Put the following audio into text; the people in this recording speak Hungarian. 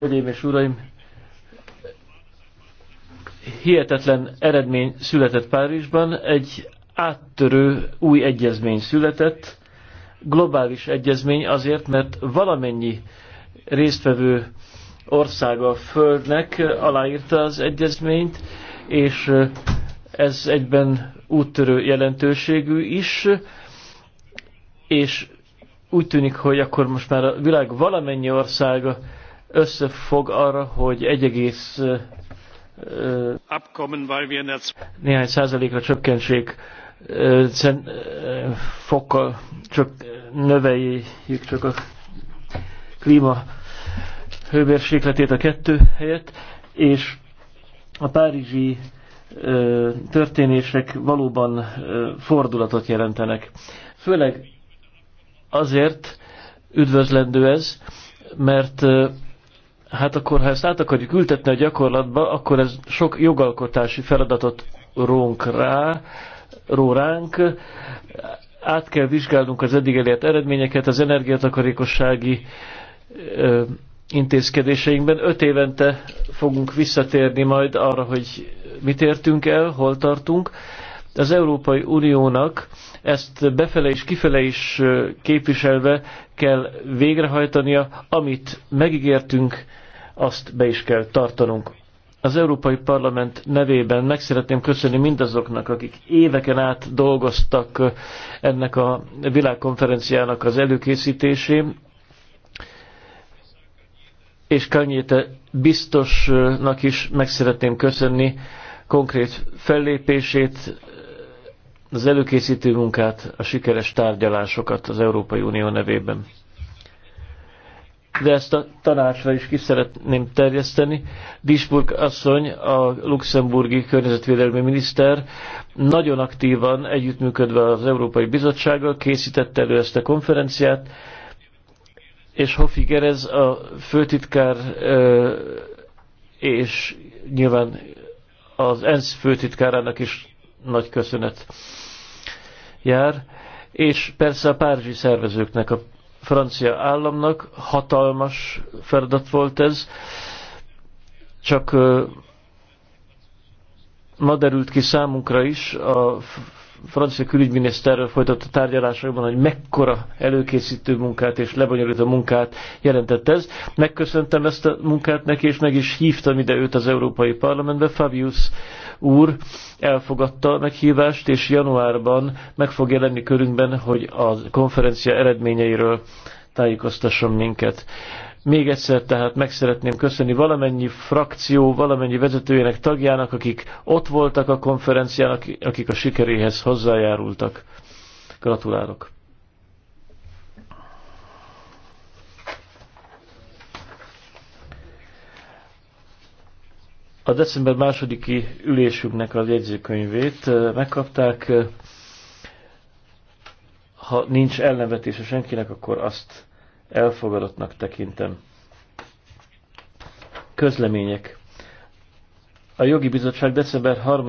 Hölgyeim és Uraim, hihetetlen eredmény született Párizsban, egy áttörő új egyezmény született, globális egyezmény azért, mert valamennyi résztvevő országa a Földnek aláírta az egyezményt, és ez egyben úttörő jelentőségű is, és úgy tűnik, hogy akkor most már a világ valamennyi országa összefog arra, hogy egy egész néhány százalékra csökkentsék fokkal csak növeljük csak a klíma hőmérsékletét a kettő helyett, és a párizsi történések valóban fordulatot jelentenek. Főleg azért üdvözlendő ez, mert Hát akkor, ha ezt át akarjuk ültetni a gyakorlatba, akkor ez sok jogalkotási feladatot rónk rá, ró ránk. Át kell vizsgálnunk az eddig elért eredményeket, az energiatakarékossági ö, intézkedéseinkben. Öt évente fogunk visszatérni majd arra, hogy mit értünk el, hol tartunk, az Európai Uniónak ezt befele és kifele is képviselve kell végrehajtania, amit megígértünk, azt be is kell tartanunk. Az Európai Parlament nevében meg szeretném köszönni mindazoknak, akik éveken át dolgoztak ennek a világkonferenciának az előkészítésén, és Kanyéte biztosnak is meg szeretném köszönni konkrét fellépését, az előkészítő munkát, a sikeres tárgyalásokat az Európai Unió nevében. De ezt a tanácsra is ki szeretném terjeszteni. Disburg asszony, a luxemburgi környezetvédelmi miniszter, nagyon aktívan együttműködve az Európai Bizottsággal készítette elő ezt a konferenciát, és Hofi Gerez, a főtitkár és nyilván az ENSZ főtitkárának is nagy köszönet jár, és persze a párizsi szervezőknek, a francia államnak hatalmas feladat volt ez, csak ma derült ki számunkra is a francia külügyminiszterrel folytatott tárgyalásokban, hogy mekkora előkészítő munkát és lebonyolító munkát jelentett ez. Megköszöntem ezt a munkát neki, és meg is hívtam ide őt az Európai Parlamentbe. Fabius úr elfogadta a meghívást, és januárban meg fog jelenni körünkben, hogy a konferencia eredményeiről tájékoztasson minket. Még egyszer tehát meg szeretném köszönni valamennyi frakció, valamennyi vezetőjének tagjának, akik ott voltak a konferencián, akik a sikeréhez hozzájárultak. Gratulálok! A december másodiki ülésünknek az jegyzőkönyvét eh, megkapták. Eh, ha nincs ellenvetése senkinek, akkor azt elfogadottnak tekintem. Közlemények. A jogi bizottság december 3